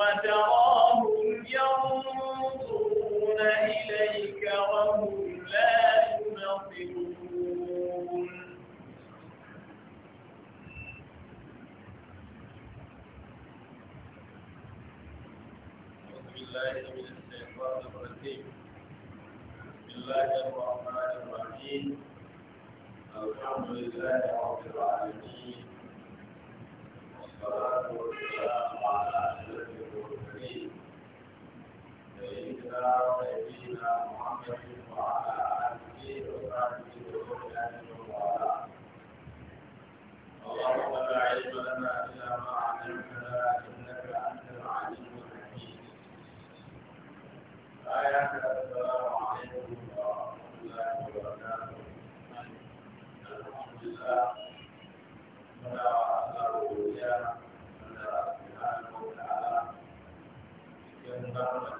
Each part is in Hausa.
فتراهم ينظرون إليك وهم لا ينظرون بسم الله من الشيطان الرجيم بسم الله الرحمن الرحيم الحمد لله رب العالمين إلى نبينا محمد وعلى آله وصحبه وسلم وبارك اللهم لا علم لنا إلا ما علمتنا إنك أنت العليم الحكيم آيات السلام عليكم ورحمة الله وبركاته الحمد لله ولا أسأل الله سبحانه وتعالى ينبغي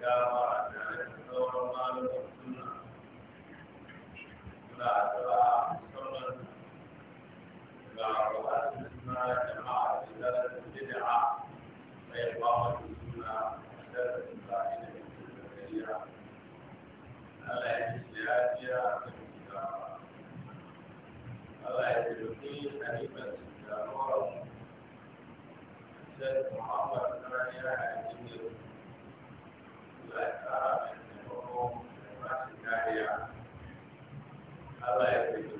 shawara tare da sauran malamin suna muna addu'a musamman ga wasu suna jama'a da darasin bid'a mai bawa suna darasin ba ilimin da kariya Allah ya ji lafiya a kan kitawa Allah ya ji lafiya a kan kitawa Sheikh Muhammad Rani Rahim Allah ya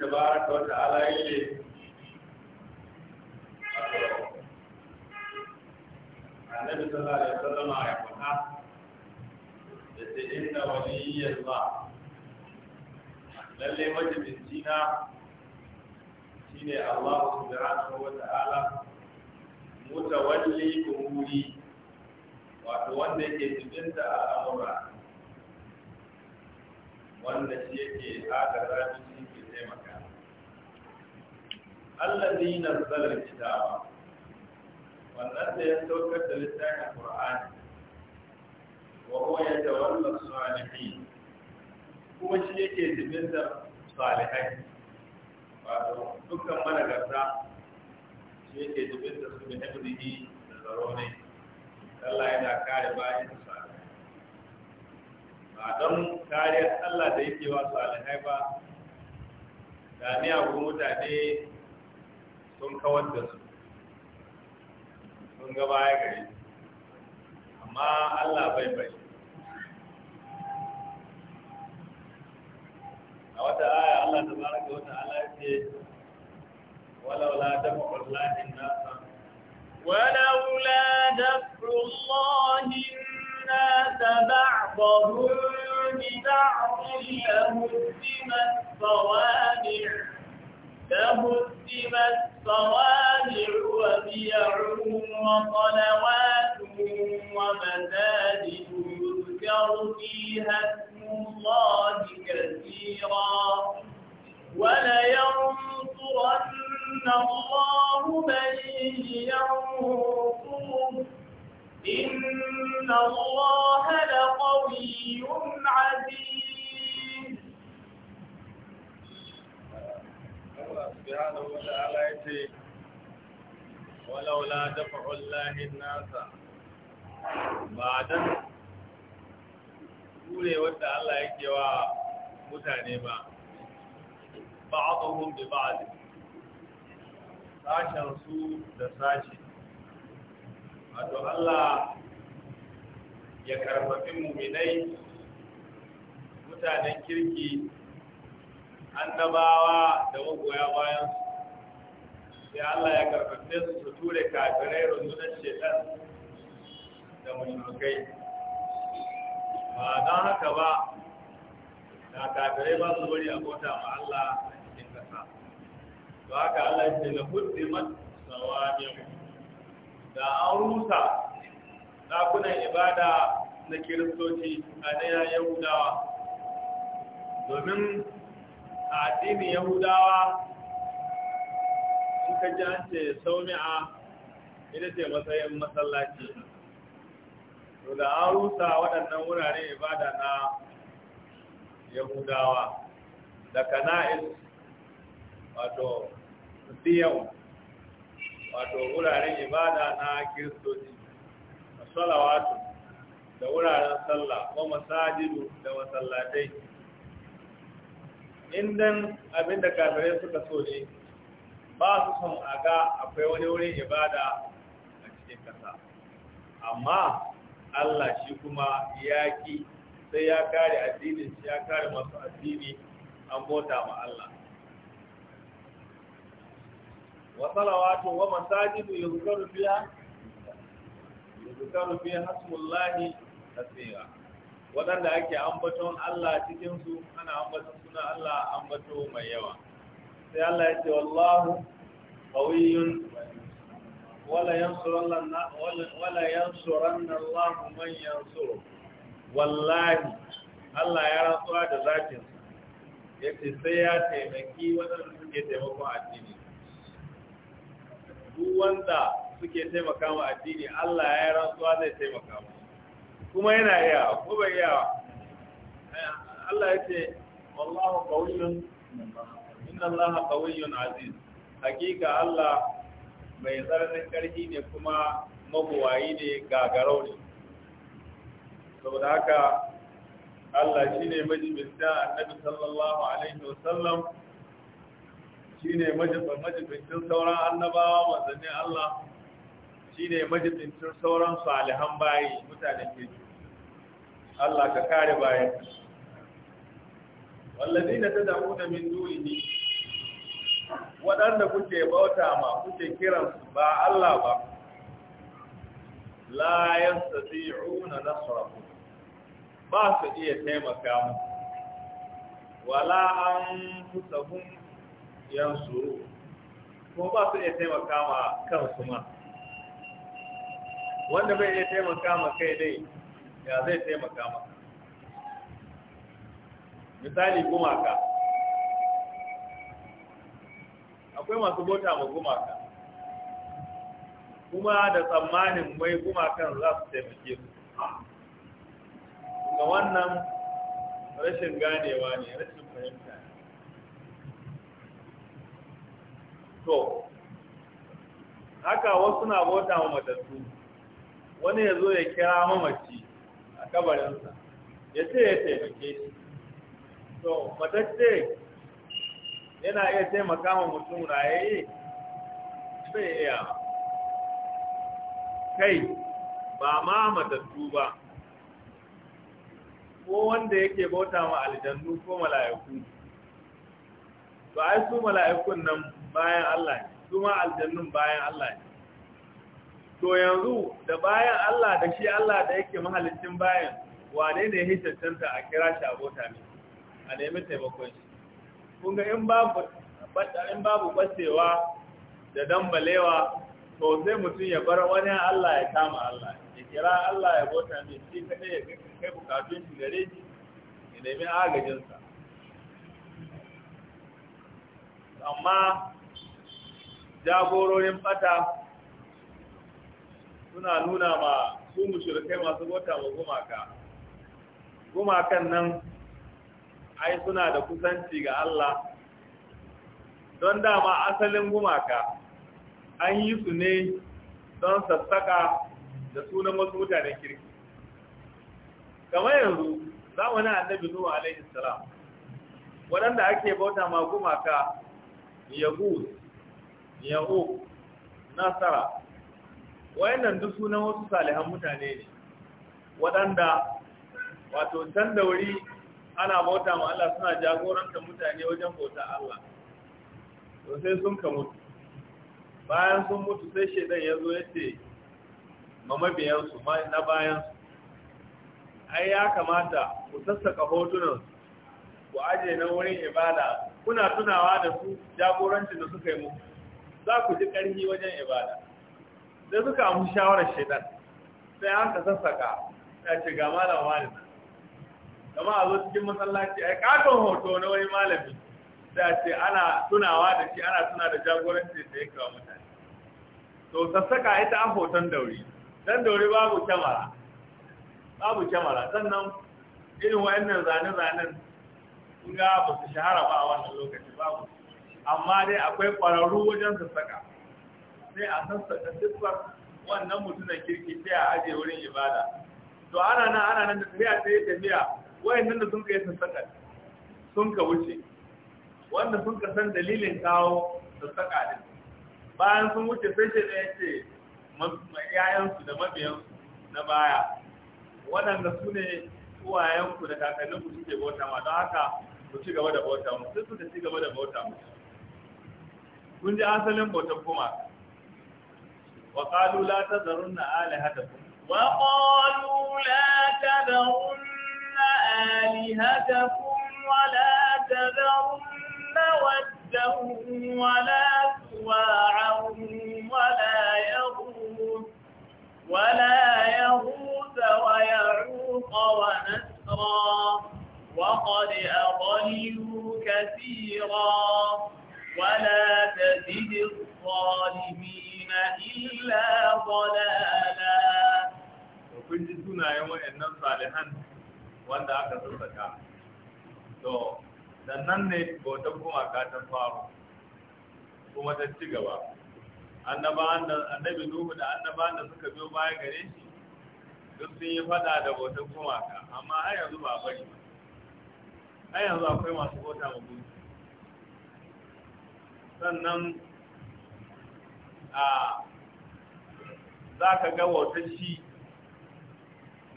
tabaraka wa ta'ala yake annabi sallallahu alaihi wasallam ya faɗa da ce inna waliyyan ba lalle majibinci na ne Allah subhanahu wa ta'ala mutawalli umuri wato wanda yake cikin da al'amura wanda shi yake agaza mini allazi nazzala alkitaba wannan da ya saukar da littafin qur'ani wa huwa yatawalla salihin kuma shi yake da salihai wato dukkan managarta shi yake da su bi hifdihi da tsaro Allah yana kare bayan salihai ba don kariyar Allah da yake wa salihai ba da abu mutane sun kawar da su sun ga baya gari amma Allah bai bai a wata aya Allah ta baraka wata ala ce walaula ta maƙwallahin nasa walaula da fullahin nasa ba'bahun bi ba'bahun lahuddimar tsawamir صوامع وبيع وصلوات يذكر فيها اسم الله كثيرا ولينصرن الله من ينصره إن الله لقوي عزيز subhanahu wa ta'ala yace walaula dafa'u llahi nasa ba dan kure wanda Allah yake wa mutane ba ba'dhum bi ba'd sashen su da sashi wato Allah ya karfafi muminai mutanen kirki annabawa da magoya bayan su, sai Allah ya karfafe su su ture kafirai rundunar shekar da mashirukai ba don haka ba da kafirai ba su bari a kota ma Allah a cikin kasa Ba haka Allah ya ce la huddimat sawami'u da an rusa ɗakunan ibada na kiristoci a na yahudawa domin a addinin yahudawa in ka ji an ce saumi'a ita ce matsayin masallaci to da an rusa waɗannan wuraren ibada na yahudawa da kana'is wato siyau wato wuraren ibada na kiristoci salawatu da wuraren sallah ko masajidu da masallatai indan abinda kafirai suka so ne ba su son a ga akwai wani wurin ibada a cikin kasa amma Allah shi kuma ya ki sai ya kare addinin shi ya kare masu addini an bota ma Allah wa wa masajidu yuzkaru fiha yuzkaru fiha hasmullahi kaseera waɗanda ake ambaton Allah cikinsu ana ambaton suna Allah ambato mai yawa sai Allah ya ce wallahu qawiyyun wala yansuranna wala yansuranna Allah man yansuru wallahi Allah ya rantsuwa da zakin yace sai ya taimaki waɗanda suke taimako addini duk wanda suke taimaka wa addini Allah ya rantsuwa zai taimaka mu kuma yana iya ko bai iya Allah ya ce wallahu qawiyyun inna Allah qawiyyun aziz hakika Allah mai tsananin karfi ne kuma mabuwayi ne gagarau ne saboda haka Allah shine majibinta annabi sallallahu alaihi wasallam shine majibin majibin sauran annabawa manzanni Allah shine majalisin sauran salihan bayi ke kirki Allah ka kare bayan wallazina da min ne waɗanda kuke bauta ma kuke kiran ba Allah ba la yastati'una nasrahu ba su iya taimaka mu wala anfusahum yansuru ko ba su iya taimaka ma kansu ma wanda bai iya taimaka ma kai dai ya zai taimaka maka misali gumaka akwai masu bota ma gumaka kuma da tsammanin mai gumakan za su taimake su ga wannan rashin ganewa ne rashin fahimta ne to haka wasu na bota ma matattu wani ya zo ya kira mamaci a kabarinsa ya ce ya taimake shi to matacce yana iya taimaka ma mutum rayaye bai iya kai ba ma matattu ba ko wanda yake bauta ma aljannu ko mala'iku ba ai su mala'ikun nan bayan Allah ne su ma aljannun bayan Allah ne to yanzu da bayan Allah da shi Allah da yake mahalicin bayan wane ne ya a kira shi abota ne a nemi taimakon shi kun in babu in da dambalewa to sai mutum ya bar wani Allah ya kama Allah ya kira Allah ya bota ne shi kadai ya kai bukatun shi gare shi ya nemi agajinsa amma jagororin fata suna nuna ma su mushrikai masu bauta ma gumaka gumakan nan ai suna da kusanci ga Allah don dama asalin gumaka an yi su ne don sassaka da sunan wasu mutanen kirki kamar yanzu za mu na annabi zuwa alaihi salam waɗanda ake bauta ma gumaka yahud yahud nasara wayannan duk sunan wasu salihan mutane ne waɗanda wato can da wuri ana bauta ma Allah suna jagorantar mutane wajen bauta Allah to sai sun ka mutu bayan sun mutu sai shaidan ya zo ya ce ma mabiyansu na bayansu ai ya kamata ku sassaka hotunan ku aje na wurin ibada kuna tunawa da su jagorancin da suka yi muku za ku ji ƙarfi wajen ibada da suka amu shawarar shaidan sai an ka sassaka ya ce ga malam wani kama a zo cikin masallaci ai katon hoto na wani malami sai a ce ana tunawa da shi ana tuna da jagoranci da ya kawo mutane to sassaka ita an hoton dauri dan dauri babu kyamara babu kyamara sannan irin wa'annan zane-zanen kun ga ba su shahara ba a wannan lokaci babu amma dai akwai ƙwararru wajen sassaka sai a sassaka siffar wannan mutumin kirki sai a aje wurin ibada to ana nan ana nan da tafiya sai tafiya nan da sun kai sassaka sun ka wuce wanda sun ka san dalilin kawo sassaka din bayan sun wuce sai shi da yace yayansu da mabiyansu na baya waɗanda su ne uwayenku da kakanninku suke bauta ma don haka ku ci gaba da bauta mu sai suka ci gaba da bauta mu kun ji asalin bautan kuma وقالوا لا تذرن آلهتكم وقالوا لا تذرن آلهتكم ولا تذرن ودا ولا سواعا ولا يغوث ولا يغوث ويعوق ونسرا وقد أضلوا كثيرا ولا تزد الظالمين إلا ضلالا وكل سنة يوم أن صالحا wanda aka sassaka to sannan ne bautan gumaka ta faru kuma ta ci gaba annabi nuhu da annabawan da suka biyo baya gare shi duk sun yi fada da bautan gumaka amma har yanzu ba bari har yanzu akwai masu bauta ma gunki sannan a za ka ga wata shi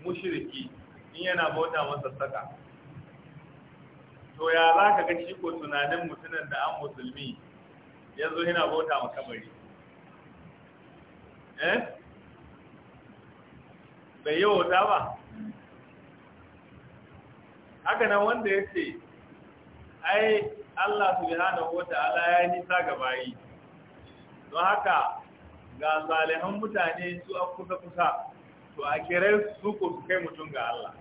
mushiriki in yana bauta masa saka to ya za ka ga shi ko tunanin mutunan da an musulmi yanzu yana bauta ma kabari eh bai yi wata ba haka nan wanda ya ce ai Allah subhanahu wata Ala ya nisa ga bayi don haka ga salihan mutane su a kusa kusa to a kira su ko su kai mutum ga Allah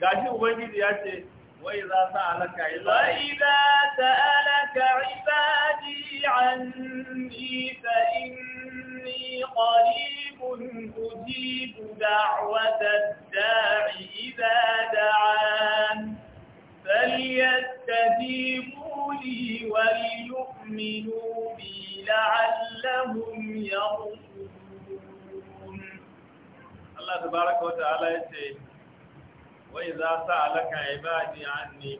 gashi ubangiji ya ce wa idza sa'alaka wa idza sa'alaka ibadi anni fa inni qaribun ujibu da'watad Allah tabaraka wa ta'ala yace wa idza sa'alaka ibadi anni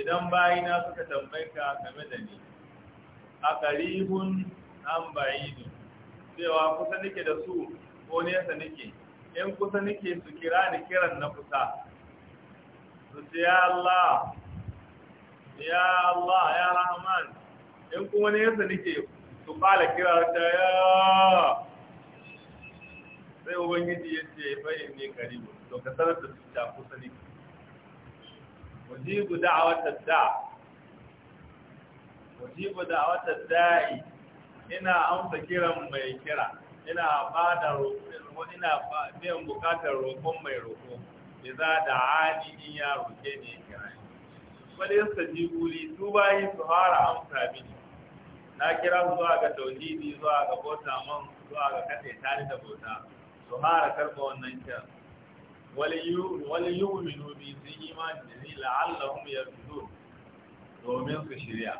idan bayina suka tambaye ka game da ni a qaribun am ni. cewa kusa nake da su ko nesa nake in kusa nake su kira ni kiran na kusa su ce ya Allah ya Allah ya Rahman in kuma nesa nake su kala kira ta ya sai ubangiji ya ce bayin ne karibu to ka sanar da su ta kusa ne wajibu da'awata da wajibu da'awata da'i ina amsa kiran mai kira ina ba da roƙo ina biyan bukatar roƙon mai roƙo da da'ani in ya roƙe ne kira ne. wani yasta jibuli su bayi su fara amsa mini na kira zuwa ga tauhidi zuwa ga bota man zuwa ga kace tare da bauta su fara karɓa wannan kira wani yi uminu bi sun yi ma da ni la'allahum ya fito domin su shirya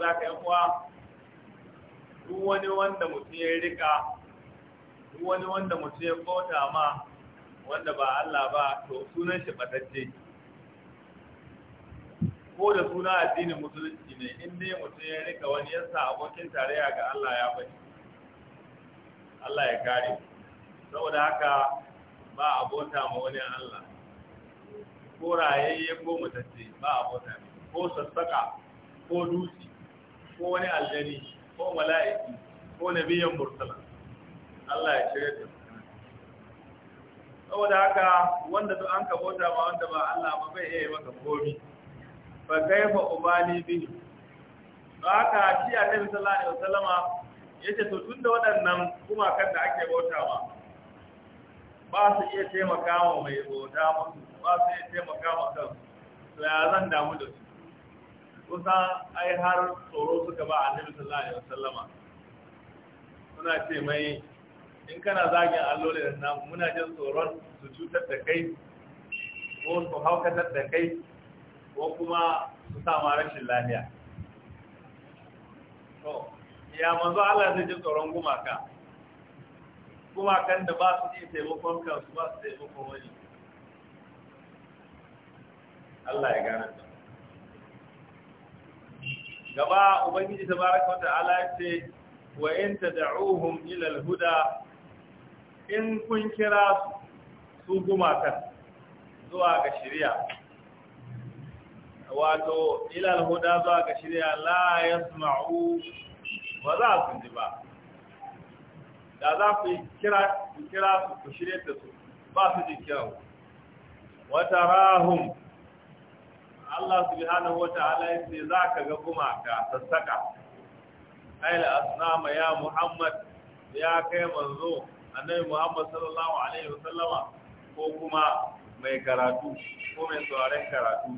da ka yi kuwa duk wani wanda mutum ya rika duk wani wanda mutum ya kota ma wanda ba Allah ba to sunan shi batacce ko da suna addinin musulunci ne inda dai mutum ya rika wani yasa abokin tarayya ga Allah ya bari Allah ya kare saboda haka ba abota ma wani Allah ko rayayye ko matacce ba abota ne ko sassaka ko dutse ko wani aljani ko mala'iki ko nabiyan mursala Allah ya shirya da saboda haka wanda duk an kabota ba wanda ba Allah ba bai iya maka komi fa kaifa ubali bihi haka shi annabi sallallahu alaihi wasallama yace to tunda waɗannan kan da ake bautawa ba su iya taimaka wa mai bauta musu ba su iya taimaka wa kan, to ya zan damu da su kusa ai har tsoro suka ba annabi sallallahu alaihi wasallama suna ce mai in kana zagin da nan muna jin tsoron su cutar da kai ko su haukatar da kai ko kuma su sama rashin lafiya ya manzo Allah zai ji tsoron gumaka gumakan da ba su iya taimakon kansu ba su taimakon wani Allah ya gane ta gaba ubangiji tabaraka wa ta'ala ya ce wa in tad'uhum ila al-huda in kun kira su gumakan zuwa ga shari'a wato ila al-huda zuwa ga shari'a la yasma'u ba za su ji ba da za ku kira ku kira su ku shirye ta su ba su ji kiran Wata tarahum Allah subhanahu wata ta'ala yace za ka ga kuma gumaka sassaka ayil asnama ya Muhammad ya kai manzo annabi Muhammad sallallahu alaihi Wasallama, ko kuma mai karatu ko mai tsoron karatu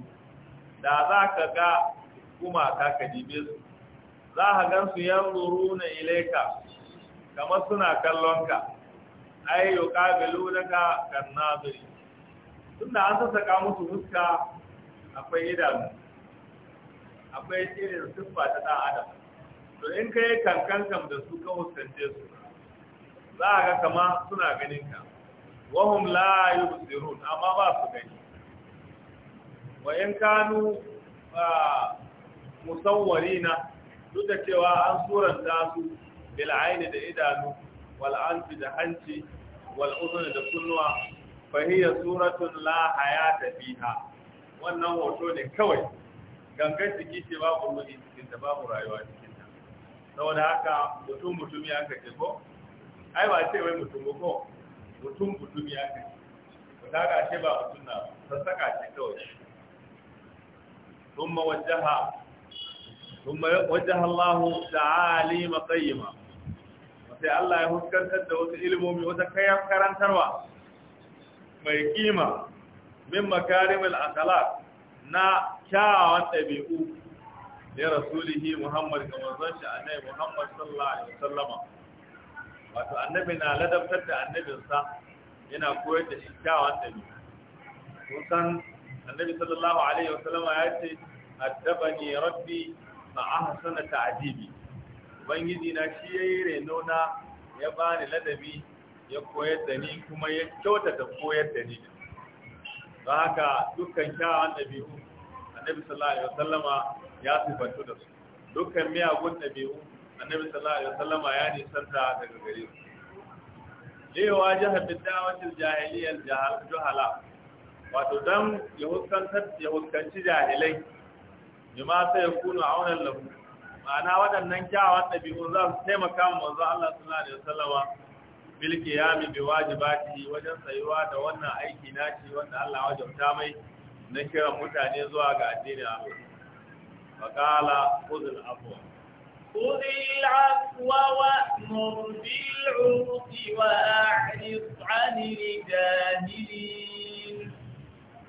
da za ka ga kuma ka dibe su za a gan su ruru na ileka. kamar suna kallonka ai yau ƙabilu daga kan Tun da an sassaƙa musu fuska akwai idanu akwai irin siffa ta ɗan adam to in ka yi kam da su kan huskance su za a ga kama suna ganin ka wahum la yubsirun amma ba su gani wa in kanu ah, musawwarina duk da cewa an suranta su bil aini da idanu wal anfi da hanci wal udhun da kunnuwa fa hiya suratun la hayata fiha wannan hoto ne kawai Ganga ciki ce babu ruhi cikin da babu rayuwa cikin ta saboda haka mutum mutumi aka ce ko ai ba ce wai mutum ko mutum mutumi aka ce ta ga ce ba mutum na sassaka ce kawai ثم wajaha. ثم وجه الله تعاليم قيمة sai Allah ya huskantar da wasu ilimomi wata kayan karantarwa mai kima min makarimul akhlaq na kyawawan ɗabi'u ya rasulihi Muhammad ga manzon shi annabi Muhammad sallallahu alaihi wasallama wato annabi na ladabtar da annabinsa yana koyar da shi kyawawan ɗabi'u kun san annabi sallallahu alaihi wasallama ya ce addabani rabbi fa ahsana ta'dibi ubangiji na shi yayi reno na ya bani ladabi ya koyar da ni kuma ya kyautata koyar da ni don haka dukkan kyawun ɗabi'u annabi sallallahu alaihi wasallama ya sifantu da su dukkan miyagun ɗabi'u annabi sallallahu alaihi wasallama ya nisanta daga gare su lewa jihar bidawatil jahiliyar juhala wato don ya huskanci jahilai bima sai a aunan lafi ma'ana waɗannan kyawawan ɗabi'un za su taimaka wa manzo Allah da salama wasallama ya mi bi shi wajen tsayuwa da wannan aiki naci wanda Allah wajabta mai na kiran mutane zuwa ga addinin Allah faqala khudh al-afwa خذ العفو وأمر بالعرف وأعرض عن الجاهلين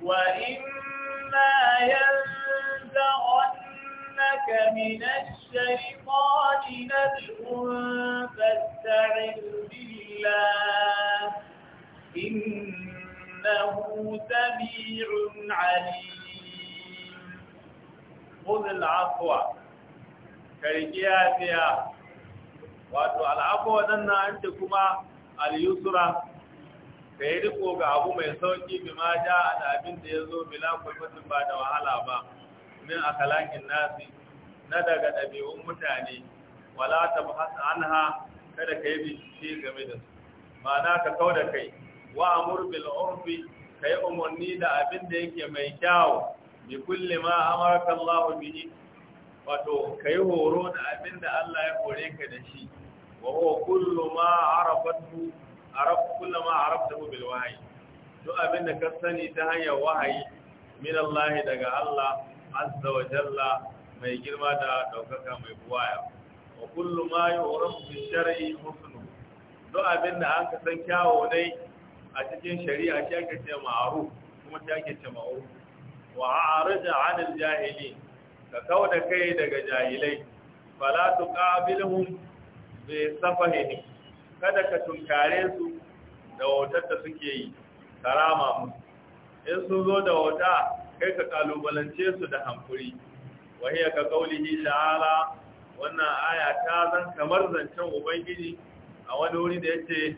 وإما ينفع يحذرنك من الشيطان نزغ فاستعذ بالله إنه سميع عليم خذ العفو كرجيا فيها wato al'afuwa nan na an kuma al-yusra ka yi riko ga abu mai sauƙi bi ma da abin da ya zo bi ba da wahala ba min akhlaqin nasi na daga ɗabi'un mutane wala tabhas anha kada ka yi bincike game da su ma'ana ka kau da kai wa amur bil urfi ka yi umarni da abin da yake mai kyau bi kulli ma amaraka Allah bihi wato ka yi horo da abin da Allah ya hore ka da shi wa huwa kullu ma arafatu araf kullu ma araftahu bil wahyi duk abin da ka sani ta hanyar wahayi min Allah daga Allah azza wa jalla mai girma da ɗaukaka mai buwaya wa kullu ma yuhramu fi shar'i husnu do abin da aka san kyawo ne a cikin shari'a shi ake ce ma'ruf kuma shi ake ce ma'ruf wa a'rida 'anil jahili, ka kauda kai daga jahilai fala tuqabilhum bi safahihim kada ka tunkare su da wautar da suke yi karama mu in sun zo da wauta kai ka kalubalance su da hankuri wa hiya ka qaulihi ta'ala wannan aya ta zan kamar zancen ubangiji a wani wuri da yace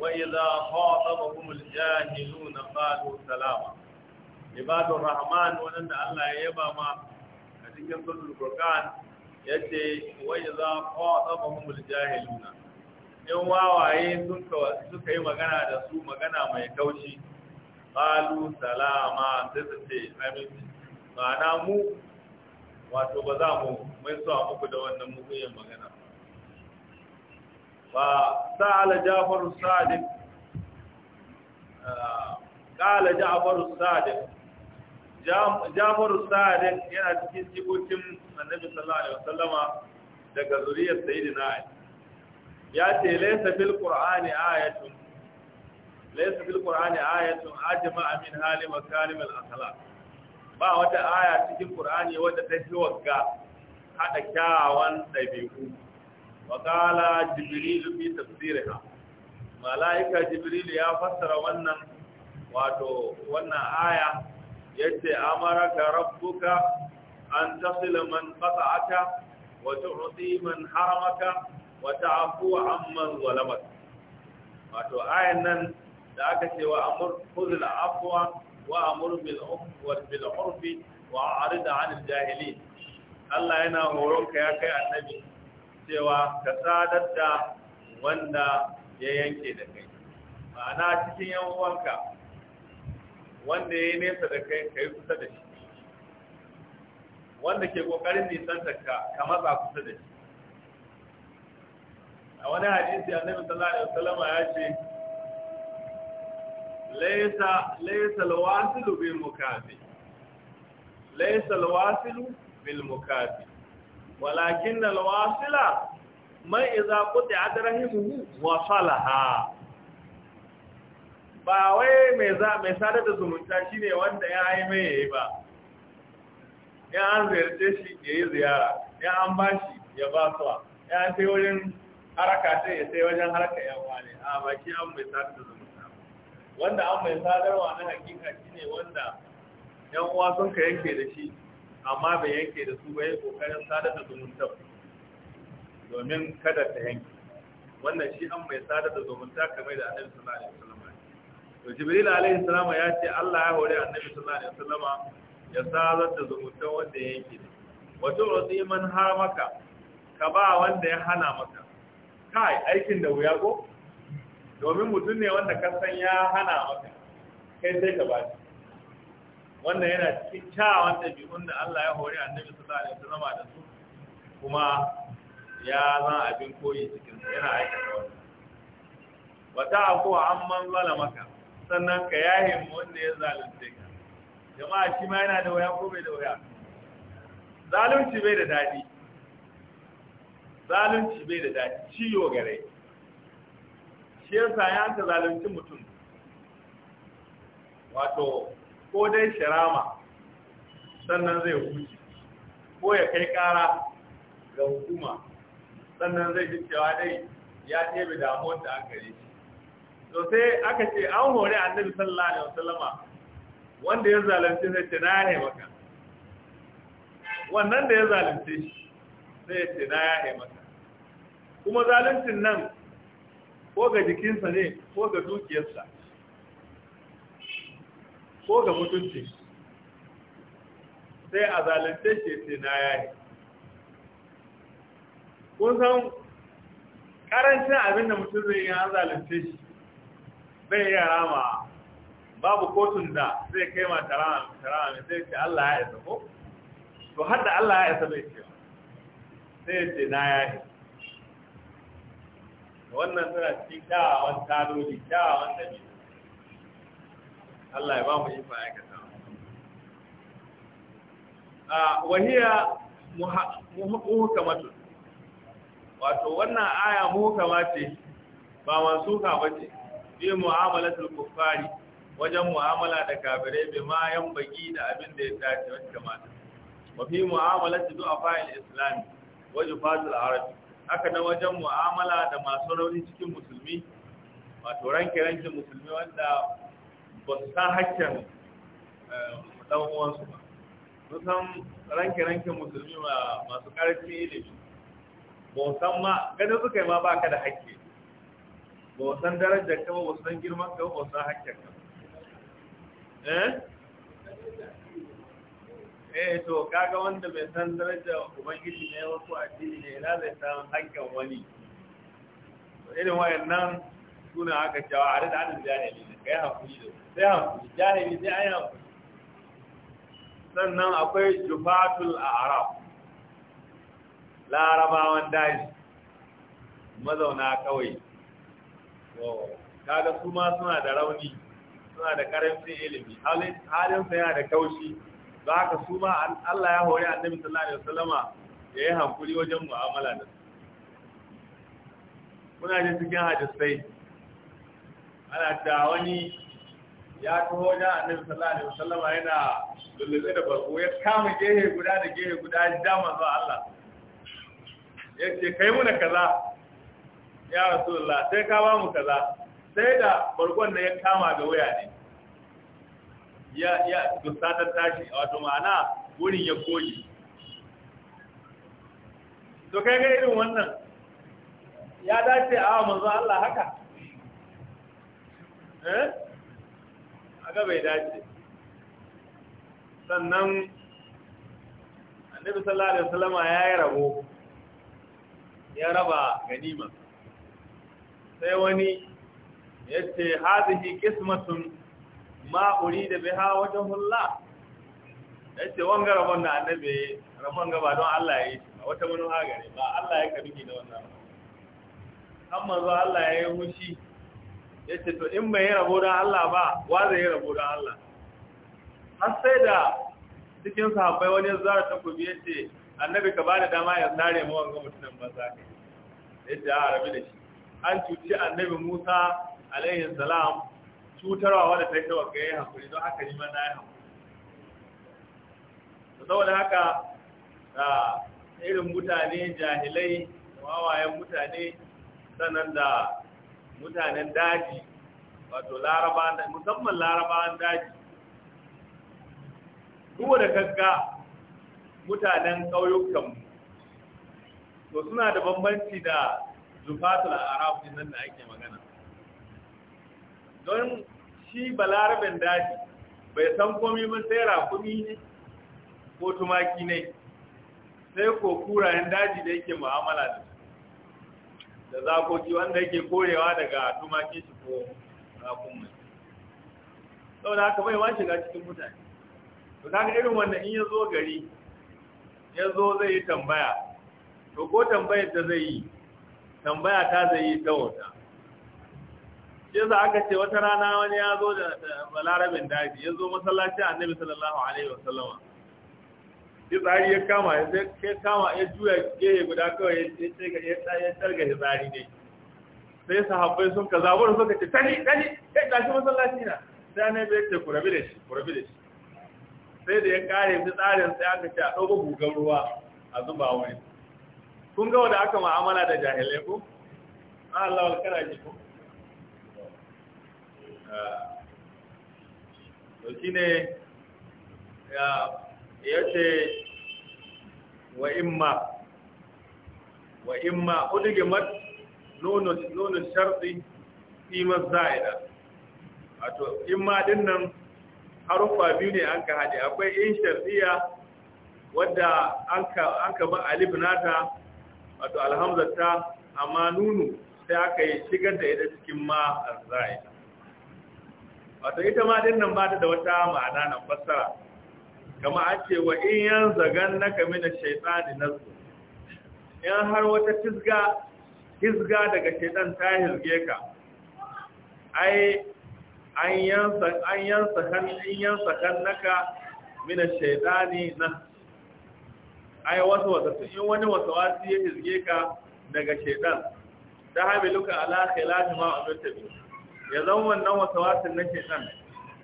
wa idha khatabahum al-jahilun qalu salama ibadu rahman wannan da Allah ya yaba ma a cikin suratul furqan yace wa idha khatabahum al-jahilun yan wawaye sun ka yi magana da su magana mai kaushi qalu salama sai su ce aminci ma'ana mu wato ba za mu mai so a muku da wannan muguyin magana ba sa'ala Ja'far Sadiq ah, qala Ja'far Sadiq Ja'far Sadiq yana cikin cikokin Annabi sallallahu alaihi wasallama daga zuriyar Sayyidina Ali ya ce laysa fil Qur'ani ayatun laysa fil qur'ani ayatun ajma'a min hali makarim al ba wata aya cikin qur'ani wadda ta fi wagga hada kyawawan dabi'u wa qala jibril fi tafsirha malaika jibril ya fassara wannan wato wannan aya yace amaraka rabbuka an tasila man qata'aka wa tu'ti man haramaka wa ta'fu amman zalamaka wato ayan nan da aka ce wa amur khudh afuwa wa amur bil bil urfi wa arid an al jahilin Allah yana horon ka ya kai annabi cewa ka sadar da wanda ya yanke da kai ma'ana cikin yan uwanka wanda ya yi nesa da kai ka yi kusa da shi wanda ke kokarin nisanta ka ka matsa kusa da shi a wani hadisi annabi sallallahu alaihi wasallam ya ce ليس laisa alwasilu bil mukafi laisa alwasilu bil mukafi walakin alwasila man idza ba wai mai za mai sadar da zumunta shine wanda ya yi mai yayi ba ya an ziyarce shi yi ziyara ya an bashi ya ba su ya sai wurin haraka ta ya sai wajen haraka ya wane a baki mai sadar zumunta wanda an mai sadarwa na hakika shine wanda yan uwa sun ka yanke da shi amma bai yanke da su ba ya kokarin sadar da zumunta domin kada ta yanke wannan shi an mai sadar da zumunta kamar da annabi sallallahu alaihi wasallam to jibril alaihi salama ya ce Allah ya hore annabi sallallahu alaihi wasallam ya sadar da zumunta wanda ya da wa tu'ti man haramaka ka ba wanda ya hana maka kai aikin da wuya ko domin mutum ne wanda kasan ya hana maka kai sai ka bashi wannan yana cikin kyawawan ɗabi'un da Allah ya hori annabi sallallahu su zama da su kuma ya zan abin koyi cikin yana aikata wannan wata aku amman maka sannan ka ya mu wanda ya zalunce ka jama'a shi ma yana da waya ko bai da waya zalunci bai da daɗi. zalunci bai da daɗi, ciwo gare shi yasa ya ta zalunci mutum wato ko dai shirama sannan zai huce ko ya kai kara ga hukuma sannan zai ji cewa dai ya tebe damuwar da aka yi to sai aka ce an hore annabi sallallahu alaihi wasallama wanda ya zalunci sai ce na yahe maka wannan da ya zalunce sai ce na yahe maka kuma zaluncin nan ko ga jikinsa ne ko ga dukiyarsa ko ga mutunci sai a zalunce shi sai na yayi kun san karancin abin da mutum zai yi an zalunce shi zai yi rama babu kotun da zai kai ma tarama mai zai ce Allah ya isa ko to har da Allah ya isa bai ce sai ce na yayi wannan suna ci kyawawan tanoli kyawawan dabi Allah ya ba mu ifa ya kasa a wahiya matu, wato wannan aya muhukama mace ba masu ba ce bi mu'amalatul kuffari wajen mu'amala da kafirai bi ma yan baki da abin da ya dace wacce kamata wa fi mu'amalati du'a fa'il islami wa a arabi haka na wajen mu'amala da masu rauni cikin musulmi wato ranke ranke musulmi wanda ba su san eh, haƙƙin ɗan'uwansu ba sun san ranke ranke musulmi masu ƙarfin ilimi ba san ma gani suka yi ma ba ka da haƙƙi. ba san darajar ka ba ba san girman ka ba ba san haƙƙin ka eh to kaga wanda bai san daraja ubangiji ne ko addini ne ina zai san hakkin wani to irin wayannan suna haka cewa a rida an jahili ne kai hakuri da sai hakuri jahili sai ai sannan akwai jufatul a'rab larabawan daji mazauna kawai to kaga su ma suna da rauni suna da karamcin ilimi halin sa yana da kaushi ba ka su ma Allah ya hori annabi sallallahu alaihi wasallama ya yi hankuri wajen mu'amala da su kuna jin cikin hadisai ana ta wani ya taho da annabi sallallahu alaihi wasallama yana lullube da barko ya kama gehe guda da gehe guda ya ja manzo Allah ya ce kai mu da kaza ya rasulullah sai ka ba mu kaza sai da barkon da ya kama ga waya ne ya ya dusatar tashi wato ma'ana wurin ya koyi to kai ga irin wannan ya dace a manzo Allah haka eh aga bai dace sannan annabi sallallahu alaihi ya yi rabo ya raba ganima sai wani yace hadhihi qismatun ma da biha wajen Ya ce wanga rabon da annabe rabon gaba don Allah ya yayi wata manuha hagari ba Allah ya biki da wannan amma zuwa Allah ya yi Ya ce to in bai rabo don Allah ba wa zai rabo don Allah har sai da cikin sahabbai wani zara ta kubi ce annabi ka bada dama ya tsare mawa ga mutunan ba za ka ce a rabi da shi an cuci annabi Musa alaihi salam cutarwa da ta yi tawar ga ya yi hankuri don haka nima na ya hankuri da saboda haka da irin mutane jahilai da wawayen mutane sannan da mutanen daji wato laraba musamman larabawan daji Kuma da kaga mutanen ƙauyukanmu to suna da bambanci da zufatul arabu din nan da ake magana don shi balarabin daji bai san komi ba sai rakumi ne ko tumaki ne sai ko kurayen daji da yake mu'amala da su da zakoki wanda yake korewa daga tumaki shi ko rakumin sau da aka bai shiga cikin mutane to kaga irin wannan in ya zo gari ya zo zai yi tambaya to ko tambayar ta zai yi tambaya ta zai yi ta wata Sai za aka ce wata rana wani ya zo da balarabin daji ya zo a annabi sallallahu alaihi wasallama tsari ya kama ya sai kama ya juya gehe guda kawai ya ce ga ya targa tsari ne sai sahabbai sun ka zabura suka ce tani tani kai tashi masallaci na sai annabi ya ce ku da shi ku da shi sai da ya kare tsarin sai aka ce a ɗauko gugan ruwa a zuba wani kun ga wanda aka ma'amala da jahilai ku? Allah walkara ji ku. Ah. to shi ne ya ce wa imma wa imma udigimat nunin sharfi imar za'ida to imma din nan harufa biyu ne an ka haɗe akwai in sharfiya wadda an ka ba alif nata wato alhamzata amma nunu sai aka yi shigar da ita cikin ma za'ida wato ita ma din nan ba ta da wata ma'ana nan fassara kama a ce wa in yan zagan na kamina shaitani nasu in har wata fisga fisga daga shaitan ta hirge ka ai an yan an yansa kan in yansa kan naka mina shaitani na ai wasu wasu in wani wasu wasu ya hirge ka daga shaitan ta hamiluka ala khilafi ma umirta bihi ya zan wannan wasawasin na shaitan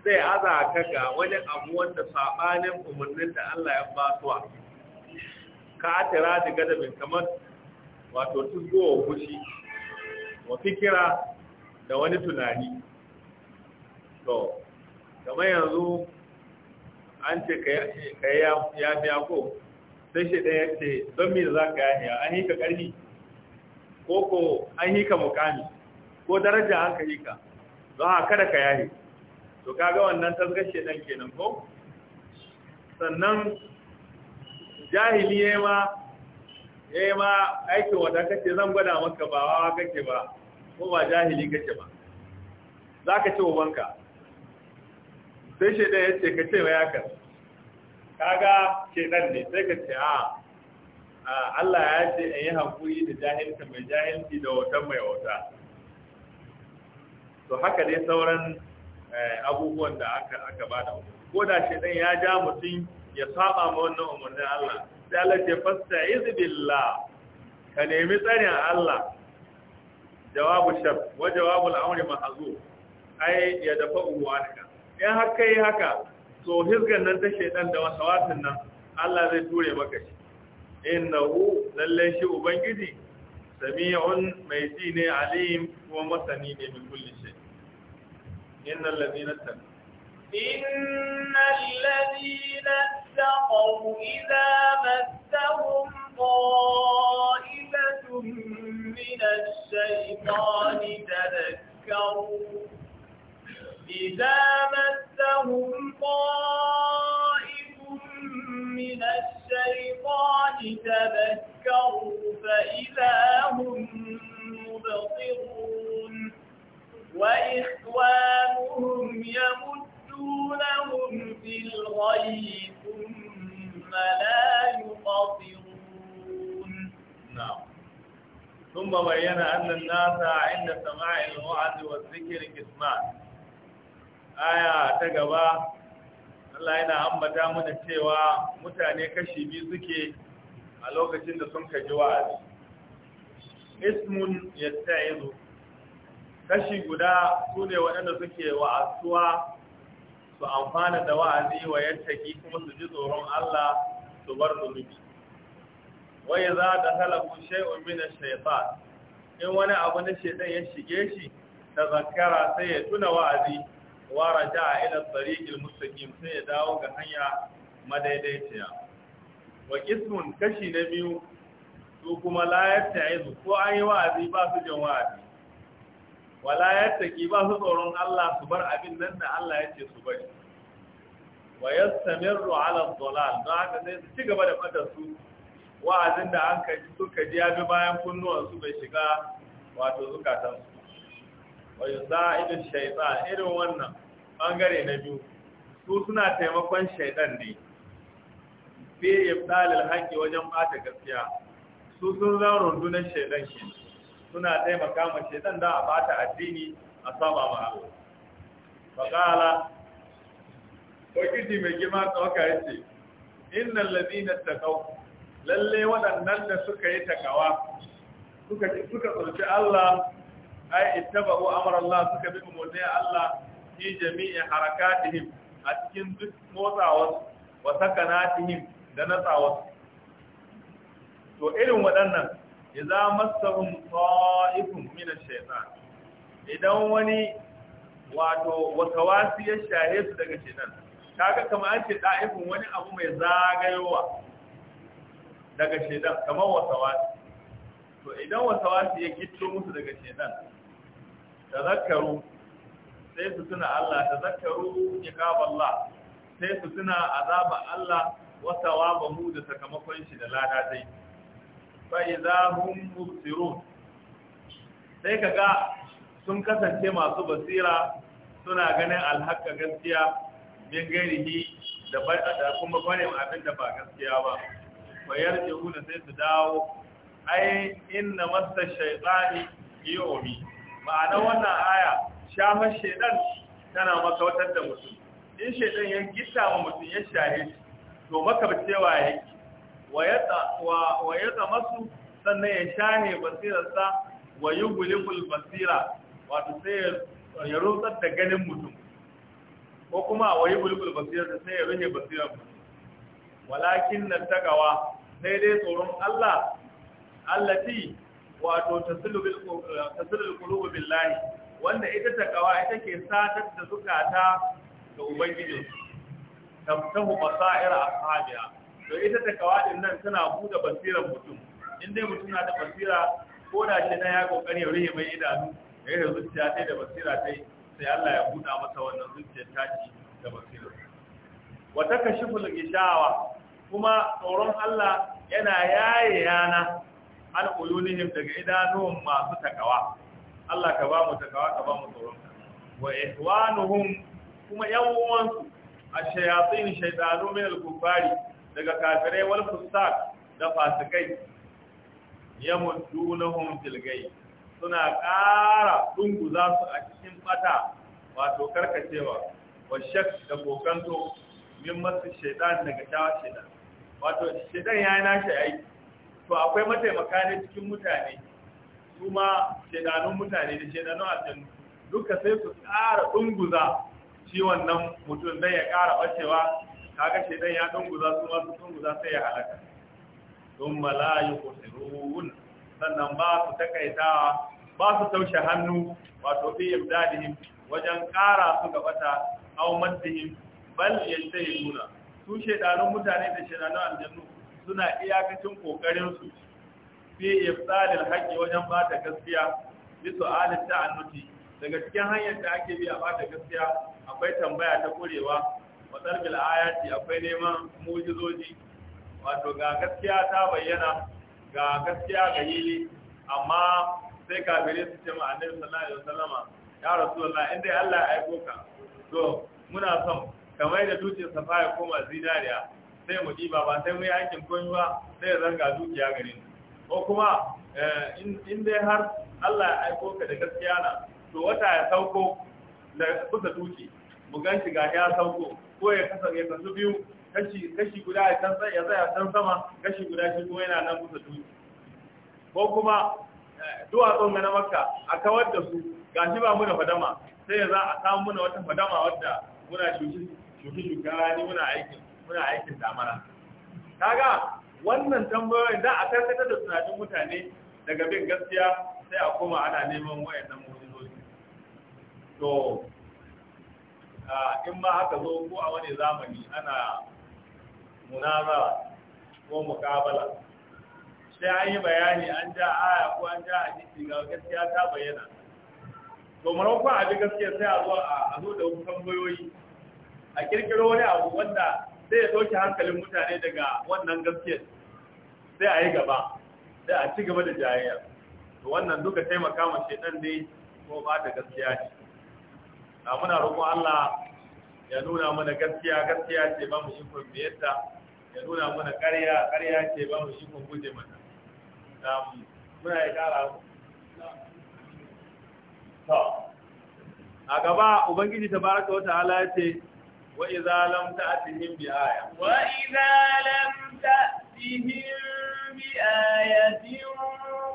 zai aza ka ga wani abu wanda sabanin umarnin da Allah ya basuwa ka atira da gadabin kamar wato zuwa fushi wa fikira da wani tunani to kamar yanzu an ce ka ya biya ko sai shi ɗaya ce don me za ka yahiya an yi ka ƙarni ko ko an yi ka mukami ko daraja an ka yi ka don haka kada ka yahi to kaga wannan tasgashe nan kenan ko sannan jahili ya ma eh ma aikin wata kace zan gwada maka ba wawa kake ba ko ba jahili kake ba za ka ce ubanka sai she ya ce ka ce wa yakar kaga dan ne sai ka ce a Allah ya ce in yi hankuri da jahilci mai jahilci da wautan mai wauta to haka dai sauran eh, abubuwan da aka aka bada ko da shi dan ya ja mutum ya saba ma wannan umarnin Allah sai Allah ya fasta izbillah ka nemi tsarin Allah jawabu shab wa jawabu al-amr mahzu ai ya dafa uwanka in har kai haka to hisgan nan ta shedan da wasawatin nan Allah zai ture maka shi innahu lalle shi ubangiji sami'un mai ji ne alim kuma masani ne min kulli shay إن الذين اتقوا إن الذين اتقوا إذا مسهم طائفة من الشيطان تذكروا إذا مسهم طائف من الشيطان تذكروا فإذا هم مبصرون ثم بين أن الناس عند سماع الوعد والذكر قسمان aya ta gaba Allah yana ambata mana cewa mutane kashi biyu suke a lokacin da sun kaji wa'azi ismun yatta'izu kashi guda sune waɗanda suke wa'azuwa su amfana da wa'azi wa yattaki kuma su ji tsoron Allah su bar zunubi wai za da halabu shai'un mina in wani abu na shaidan ya shige shi ta zakara sai ya tuna wa'azi wa raja ila tsariƙil mustaqim sai ya dawo ga hanya madaidaiciya wa ismun kashi na biyu su kuma la yatta'izu ko an yi wa'azi ba su jin wa'azi wala ki ba su tsoron Allah su bar abin nan da Allah ya ce su bari wa yastamirru ala dhalal da haka sai su ci gaba da fadar su wa'azin da an kaji suka ji ya bi bayan kunnuwansu bai shiga wato zukatansu yi za a idin shaitan irin wannan Bangare na biyu su suna taimakon shaitan ne fi ibdalil haƙi wajen bata gaskiya su sun zan rundunar shaitan shi suna taimaka ma shaitan da a bata addini a saba ma Allah faqala wakiti mai gima tsawaka yace innal ladina taqaw lalle waɗannan da suka yi takawa suka suka tsorci Allah ai ittaba'u amara Allah suka bi a Allah fi jami'i harakatihim a cikin duk motsawa wa sakanatihim da natsawa to irin waɗannan idza massahum ta'ifun min ash-shaytan idan wani wato wasawasi ya shahe su daga shaytan kaga kamar an ce da'ifun wani abu mai zagayowa daga shedan kamar wasawasi to idan wasawasi ya gitto musu daga shedan zakaru, sai su tuna Allah zakaru ya kaba Allah sai su tuna azaba Allah wa mu da sakamakon shi da lada dai fa idahum mubsirun sai kaga sun kasance masu basira suna ganin alhaka gaskiya bin gairihi da kuma barin abin da ba gaskiya ba bayar jihuna sai su dawo ai inna masta shaitani yomi ma'ana wannan aya shafar shaidan tana makawatar da mutum in shaidan ya gita ma mutum ya shahe shi to makarcewa ya yi wa ya masu sannan ya shahe basirarsa wa yi gulikul basira wato sai ya rutsar da ganin mutum ko kuma wa yi gulikul basirarsa sai ya rufe basirar mutum walakin na tagawa sai dai tsoron Allah allati wato tasilul qulubu billahi wanda ita takawa ita ke satar da zukata ga ubangiji tamtahu basair ashabiha to ita takawa din nan tana buɗe basirar mutum in dai mutum na da basira ko da shi na ya kokari ya rihe mai idanu ya yi zuciya ta da basira ta sai Allah ya buda masa wannan zuciyar tashi da basirar wa fulgi shawa, kuma tsoron Allah yana yaye yana an ulunihim daga idanuwan masu takawa Allah ka ba mu takawa ka ba mu tsoron ka. wa ihwanuhum kuma yan uwansu shayatsin shaidanu mai al daga kafirai wal fustak da fasikai ya fil filgai suna ƙara dunguza su a cikin ɓata, wato karkacewa wa shak da kokanto min masu shaidan daga shawa shaidan wato shaidan ya yi nashi yi to akwai mataimaka ne cikin mutane su ma shaidanun mutane da shaidanun aljanu duka sai su ƙara ɗunguza shi wannan mutum zai ya ƙara ɓacewa kaga shaidan ya ɗunguza su ma su ɗunguza sai ya halaka sun malayu kusirun sannan ba su takaitawa ba su taushe hannu wato fi imdadihim wajen ƙara su gabata au maddihim bal yajtahiduna su shedanun mutane da shedanun aljannu suna iyakacin kokarin su fi ifsalil haƙƙi wajen ba bata gaskiya bi su'alit ta'annuti daga cikin hanyar da ake bi a ta gaskiya akwai tambaya ta kurewa wa darbil ayati akwai neman mujizoji wato ga gaskiya ta bayyana ga gaskiya ga yili amma sai kafin su ce ma'anar sallallahu alaihi wasallama ya rasulullah inda Allah ya aiko ka to muna son kamar da dukiyar safa ya koma zinariya sai mu ɗiba ba sai mu yi aikin komi ba sai ya zanga dukiya gare mu ko kuma eh, in dai har Allah ya aiko ka da gaskiya na to wata ya sauko da kusa duki mu gan shi ga ya sauko ko ya kasance ya kasu biyu kashi kashi guda ya can ya tsaya can sama kashi guda shi kuma yana nan kusa duki ko kuma eh, duwatsun ga na makka a kawar da su gashi ba mu da fadama sai ya za a samu muna wata fadama wadda muna shi yuhillu gani muna aikin muna aikin damara kaga wannan tambayoyin da a karkatar da tunanin mutane daga bin gaskiya sai a koma ana neman wayannan mu'jizoji to in ma haka zo ko a wani zamani ana munazara ko mukabala sai an yi bayani an ja aya ko an ja hadisi ga gaskiya ta bayyana to ko a bi gaskiya sai a zo a zo da tambayoyi a kirkiro wani abu wanda sai ya dauke hankalin mutane daga wannan gaskiyar sai a yi gaba sai a ci gaba da jayayyar to wannan duka taimaka ma shedan ne ko ba da gaskiya ne na muna roƙon Allah ya nuna mana gaskiya gaskiya ce ba mu ikon biyarta ya nuna mana ƙarya ƙarya ce ba mu ikon guje mata muna ya ƙara to a gaba ubangiji tabaraka wa wata ya ce وإذا لم تأتهم بآية وإذا لم تأتهم بآية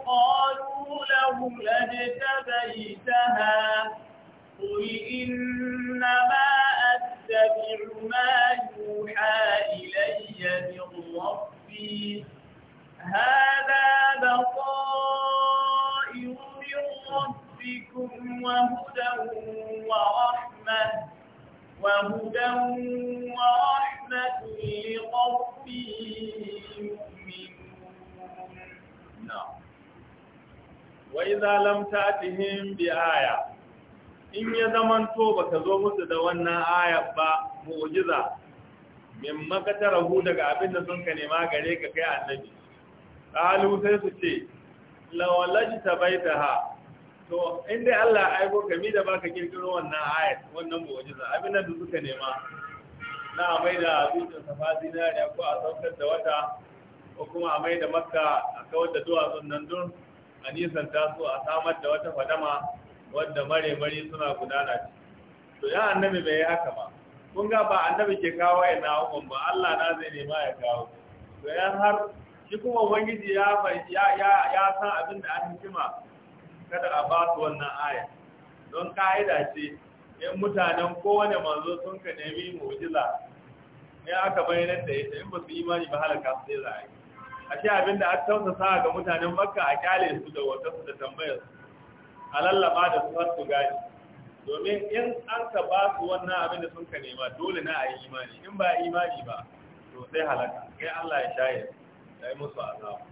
قالوا لهم لاجتبيتها قل إنما أتبع ما يوحى إلي من ربي هذا بصائر من ربكم وهدى ورحمة وهدى ورحمة لقوم يؤمنون نعم وإذا in ya zamanto baka zo musu da wannan aya ba mu'jiza ta makatarahu daga abin da sun ka nema gare ka kai annabi qalu sai ta ce lawalajta baitaha to dai Allah ya aiko kami da baka kirkiro wannan ayat wannan mu'jiza abin da suka nema na mai da dutsen safa da ko a saukar da wata ko kuma a mai da makka a kawar da duwatsun nan dun a nisan a samar da wata fadama wadda mare mare suna gudana ci to ya annabi bai yi haka ba kun ga ba annabi ke kawo ya na hukun ba Allah na zai nema ya kawo to yan har shi kuma ubangiji ya ya ya san abin da an hikima kada a ba su wannan aya don ka'ida ce in mutanen kowane manzo sun ka nemi mu'jiza ne aka bayyana da ita in ba su imani ba halaka sai za a yi a ce abinda tausa tausasa ga mutanen makka a kyale su da wata su da tambayar a lallaba da su har su gani domin in an ka ba su wannan abin da sun ka nema dole na a yi imani in ba imani ba to sai halaka sai Allah ya shayar ya yi musu azabu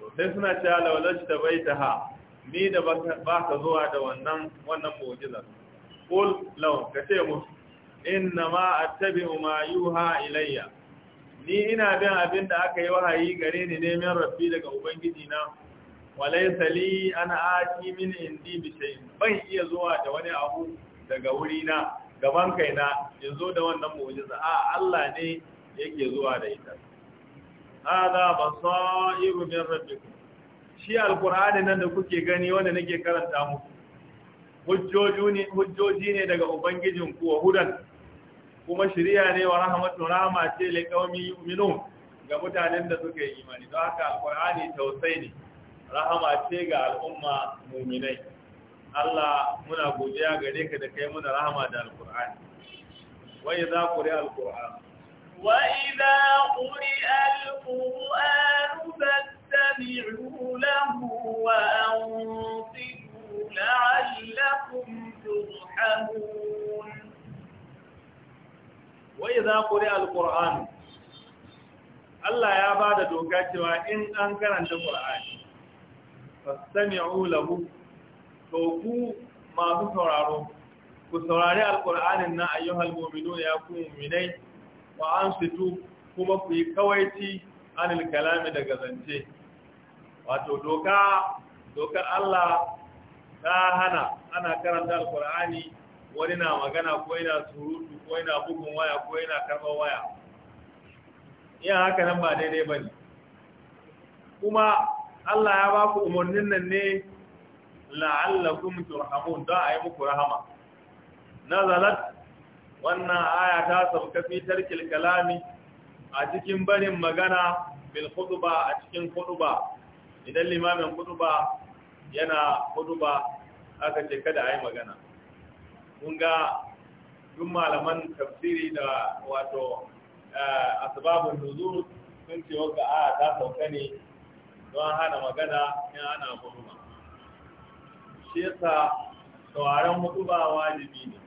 to sai suna cewa lawalar da bai ta ha ni da ba ka zuwa da wannan wannan mu'jiza qul law ka ce musu inna ma attabi'u ma yuha ilayya ni ina bin abin da aka yi wahayi gare ni neman rabbi daga ubangiji na walaysa li ana ati min indi bi shay'in ban iya zuwa da wani abu daga wuri na gaban kaina yanzu da wannan mu'jiza a Allah ne yake zuwa da ita hada basairu min rabbikum shi alkur'ani nan da kuke gani wanda nake karanta muku hujjoji ne daga ubangijin ku wa hudan kuma shirya ne wa rahmatu rahama ce le qaumi yu'minu ga mutanen da suka yi imani don haka alkur'ani tausayi ne rahama ce ga al'umma mu'minai Allah muna godiya gare ka da kai muna rahama da alkur'ani wa idza quri'a alkur'an wa idza quri'a alkur'an فاتبعوا له وأنصتوا لعلكم ترحمون وإذا قرئ القرآن Allah ya ba da doka cewa in an karanta Qur'ani fastami'u lahu to ku masu sauraro ku saurari Alƙur'ani na ayyuhal mu'minun ya ku mu'minai wa ansitu kuma ku yi kawaici anil kalami daga zance wato doka dokar Allah ta hana ana karanta alkur'ani wani na magana ko yana surutu ko yana bugun waya ko yana karɓar waya yin haka nan ba daidai ba ne kuma Allah ya ba ku umarnin nan ne la'allakum turhamun don a yi muku rahama nazalat wannan aya ta sauka fi tarkil kalami a cikin barin magana bil khutba a cikin khutba idan limamin khutba yana khutba aka ce kada ayi magana kun ga duk malaman tafsiri da wato eh, asbabun nuzul sun ce wanda a ta sauka ne don hana magana in ana khutba shi yasa sauraron khutba wajibi ne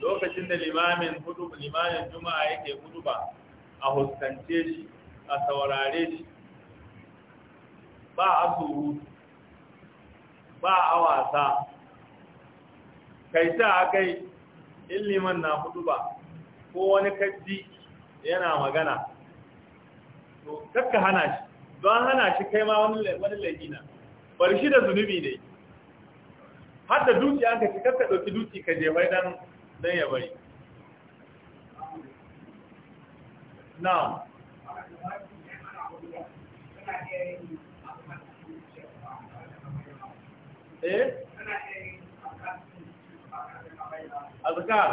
lokacin da limamin hudu limamin juma'a yake hudu a huskance shi a saurare shi ba a suru ba a wasa kai ta kai illiman na hudu ba ko wani kaji yana magana to kakka hana shi don hana shi kai ma wani lagina bari shi da zunubi ne har da duki an ka ci kakka ɗauki duki ka jefai don ya bari na'am eh azkar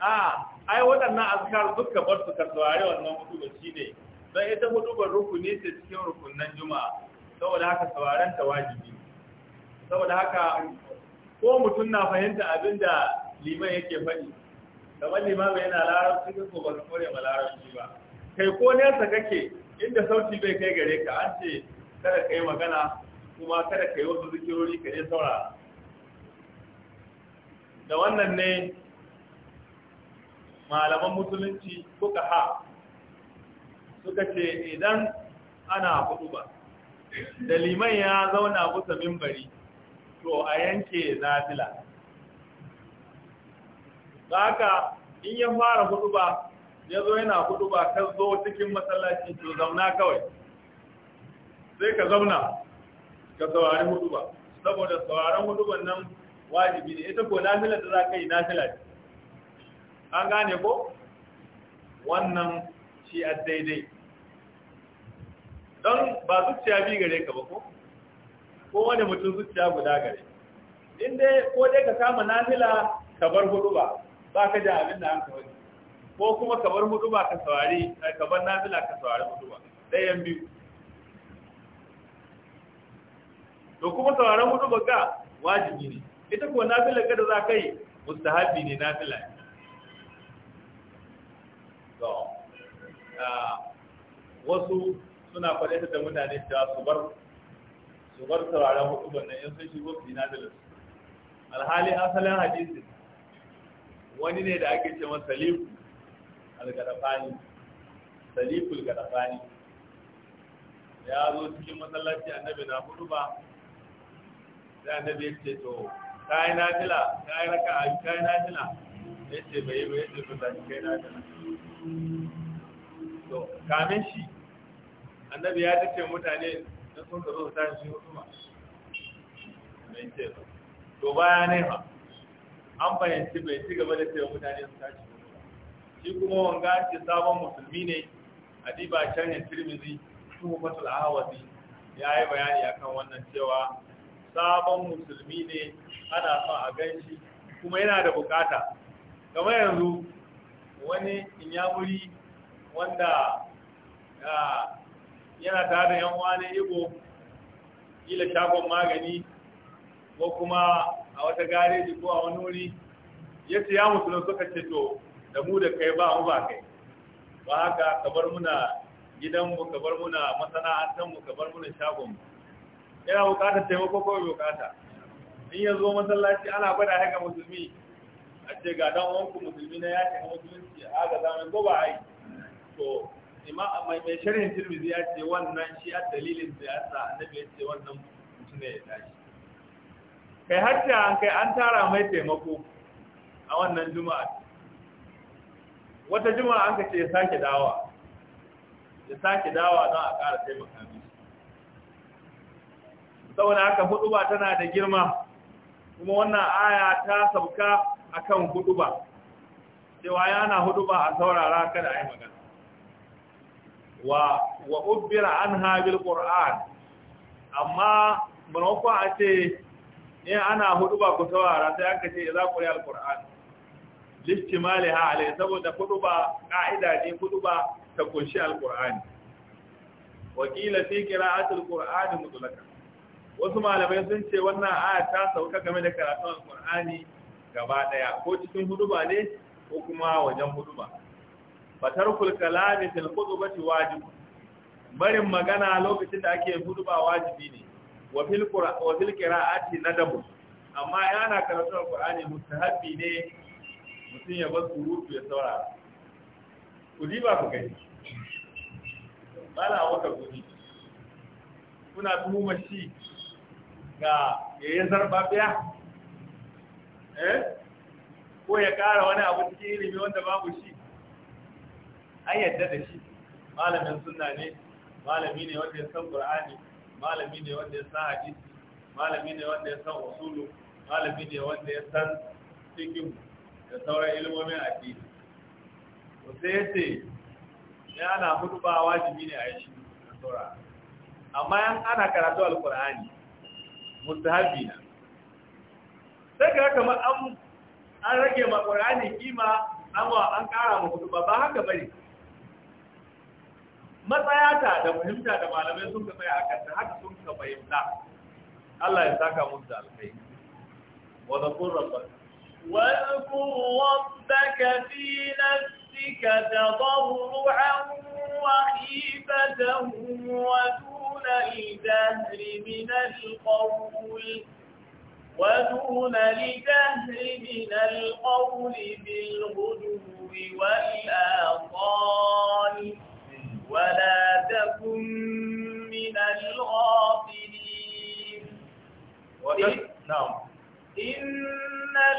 a ah, ai waɗannan azkar suka bar su kasuware wannan hudu shi ne don ita hudu bar rukuni ce cikin rukunan juma'a saboda haka sauraren ta wajibi saboda haka ko mutum na fahimta abinda liman yake faɗi kamar limama yana larabci ko ba ba kore ma larabci ba kai ko nesa kake inda sauti bai kai gare ka an ce kada ka yi magana kuma kada ka yi wasu zikirori ka yi saura. da wannan ne malaman musulunci ka ha suka ce idan ana hudu ba da liman ya zauna kusa mimbari to a yanke nafila da haka in ya fara hudu ba ya zo yana hudu ba ka zo cikin matsalashi to zauna kawai sai ka zauna ka saurari hudu ba saboda sauraron hudu ban nan wajibi ne ita ko nafila da za ka yi nafila ce an gane ko wannan shi a daidai don ba zuciya bi gare ka ba ko ko wani mutum zuciya guda gare inda ko dai ka kama nafila ka bar hudu ba ba ka da abin da an ka wani ko kuma ka bar hudu ba ka saurari ka bar nazila ka saurari hudu ba ɗayan biyu to kuma saurari hudu ba ka wajibi ne ita kuma nazila ka da za ka yi mustahabi ne nazila ne to wasu suna ta da mutane cewa su bar su bar sauraron hudu ba na yin sun shigo su yi nazila alhali asalin hadisi wani ne da ake ce masa salifu al-gadafani salifu al-gadafani ya zo cikin masallaci annabi na hudu ba sai annabi ya ce to kai na tila kai ka a kai na tila ya ce bai bai ce ba. da kai na tila to kamin shi annabi ya tace mutane da sun ka zo su tashi hudu ba mai ce to baya ne ba an fahimci bai ci gaba da cewa mutane su tashi shi kuma wanga ce sabon musulmi ne a diba sharhin tirmizi fasal ahawazi. ya yi bayani akan wannan cewa sabon musulmi ne ana son a ganshi kuma yana da bukata kamar yanzu wani in inyamuri wanda ah, yana tare da yan uwa ne igbo kila shagon magani ko kuma a wata gareji ko a wani wuri ya ce ya musulun suka ce to da mu da kai ba mu ba kai ba haka ka bar muna gidanmu ka bar muna masana'antarmu ka bar muna shagonmu yana bukatar taimako ko bukata in ya zo masallaci ana gwada haka musulmi a ce ga dan wanku musulmi na ya shiga musulunci a ga zamani ko ba ai to mai mai sharhin tirmidhi ya ce wannan shi a dalilin da ya sa annabi ya ce wannan mutum ne ya tashi kai hatta an kai an tara mai taimako a wannan juma'a wata juma'a an ka ce ya sake dawa ya sake dawa don a ƙara taimaka mishi saboda haka huduba tana da girma kuma wannan aya ta sauka akan huduba cewa yana huduba a saurara kada a yi magana wa wa ubbira anha bil qur'an amma manakwa a ce in ana hudu ba ku saurara sai aka ce za ku yi alkur'ani listimali ha alai saboda hudu ba ka'ida ne hudu ba ta kunshi alkur'ani wakila fi qira'atul qur'ani mutlaka wasu malamai sun ce wannan aya ta sauka game da karatun alkur'ani gaba daya ko cikin hudu ba ne ko kuma wajen hudu ba fatarkul kalami fil khutbati wajib barin magana lokacin da ake hudu ba wajibi ne wa fil qira'ati nadamu amma yana karatu alqur'ani mustahabbi ne mutum ya bar surutu ya saurara ku ji ba ku kai bala wata gudi kuna tuhuma shi ga yayin zarbabiya eh ko ya kara wani abu cikin ilimi wanda babu shi an yadda da shi malamin sunna ne malami ne wanda ya san qur'ani malami ne wanda ya san hadisi malami ne wanda ya san usulu malami ne wanda ya san cikin da sauran ilmomin addini to sai ya ce ya ana hudu ba wajibi ne a yi shi a saura amma yan ana karatu alkur'ani mustahabi na sai ka kamar an rage ma qur'ani kima an wa an kara ma hudu ba ba haka bane matsayata da fahimta da malamai sun ka tsaya akan ta haka sun ka fahimta Allah ya saka musu da alkai wa zakur rabbaka wa zakur rabbaka fi nafsika tadarruan wa khifatan wa دون الجهر من القول ودون الجهر من القول بالغدو والآصال ولا تكن من الغافلين نعم إن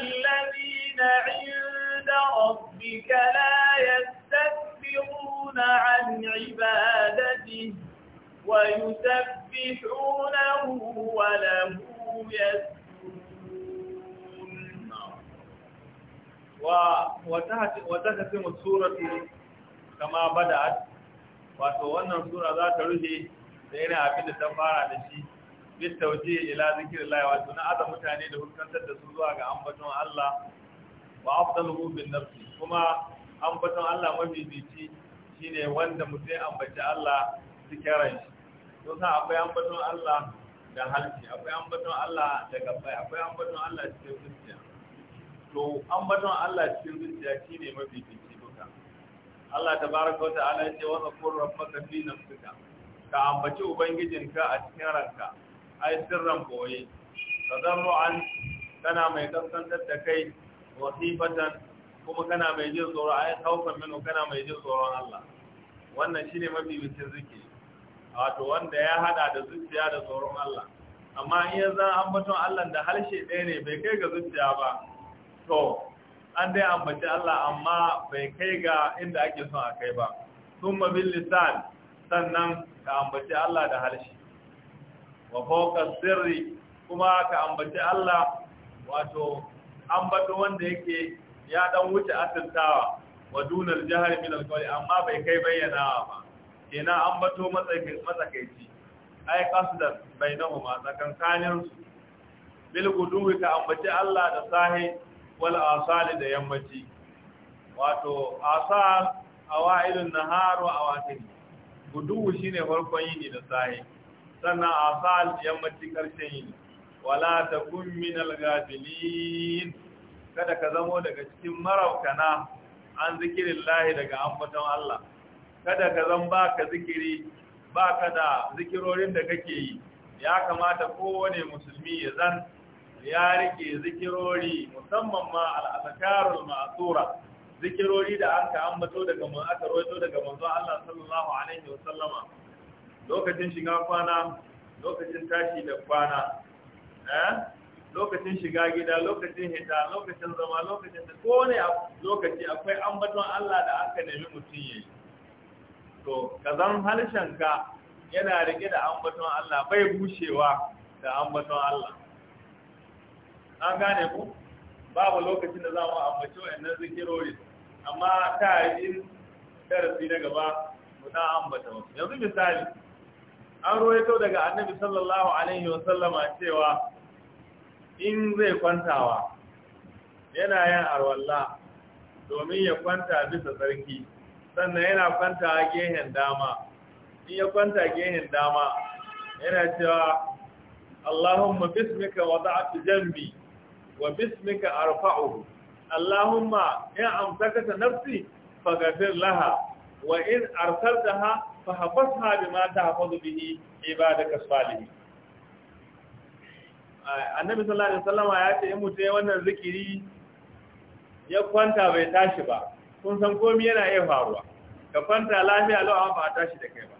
الذين عند ربك لا يستكبرون عن عبادته ويسبحونه وله يسجدون وتهت السورة كما بدأت wato wannan sura za ta rufe da yana abin da ta fara da shi bis tauje ila zikrillah wato na aza mutane da hukuntar da su zuwa ga ambaton Allah wa afdaluhu bin nafsi kuma ambaton Allah mafi mafifici shine wanda mutai ambaci Allah cikin ran shi to sa akwai ambaton Allah da halci akwai ambaton Allah da gabbai akwai ambaton Allah cikin zuciya to ambaton Allah cikin zuciya shine mafifici Allah ta wa wata ya ce wa rabba ka. fi nafsika ka ambaci ubangijinka a cikin ranka ai sirran boye an kana mai kasantar da kai wasifatan kuma kana mai jin tsoro ai kaukan minhu kana mai jin tsoron Allah wannan shine mafi bikin zuke wato wanda ya hada da zuciya da tsoron Allah amma in ya zan ambaton Allah da harshe ɗaya ne bai kai ga zuciya ba to an dai ambaci Allah amma bai kai ga inda ake son a kai ba thumma bil lisan sannan ka ambaci Allah da halshi wa sirri kuma ka ambaci Allah wato ambato wanda yake ya dan wuce atantawa wa dunar jihar min alqawli amma bai kai bayyana ba kenan ambato matsakaici matsakaici ai qasdan bainahuma tsakankanin su bil ka ambaci Allah da sahi wal asali da yammaci wato asar awailun nahar wa awakhir gudu shine farkon yini da sahi sannan asal yammaci karshen yini wala takun min al kada ka zamo daga cikin maraukana an zikirin daga ambaton Allah kada ka zan ba zikiri ba da zikirorin da kake yi ya kamata kowane musulmi ya zan ya rike zikirori musamman ma al'azakarul ma'asura zikirori da aka ambato daga mun aka roito daga manzo Allah sallallahu alaihi wa sallama lokacin shiga kwana lokacin tashi da kwana eh lokacin shiga gida lokacin hita lokacin zama lokacin da kowane lokaci akwai ambaton Allah da aka nemi mutum yayi to kazan harshenka yana rike da ambaton Allah bai bushewa da ambaton Allah an gane ku babu lokacin da za mu ambaci wa'annan zikirori amma ta yi darasi na gaba mu ta ambata wasu yanzu misali an ruwaito daga annabi sallallahu alaihi wa sallama cewa in zai kwantawa yana yin arwalla domin ya kwanta bisa tsarki sannan yana kwanta gehen dama in ya kwanta gehen dama yana cewa Allahumma bismika wada'tu jambi wa bismika arfa'uhu Allahumma in amsakata nafsi faghfir laha wa in arsaltaha fahabasha bima tahfazu bihi ibadaka salihin Annabi sallallahu alaihi wasallama ya ce in mutum wannan zikiri ya kwanta bai tashi ba kun san komai yana iya faruwa ka kwanta lafiya lawa ba tashi da kai ba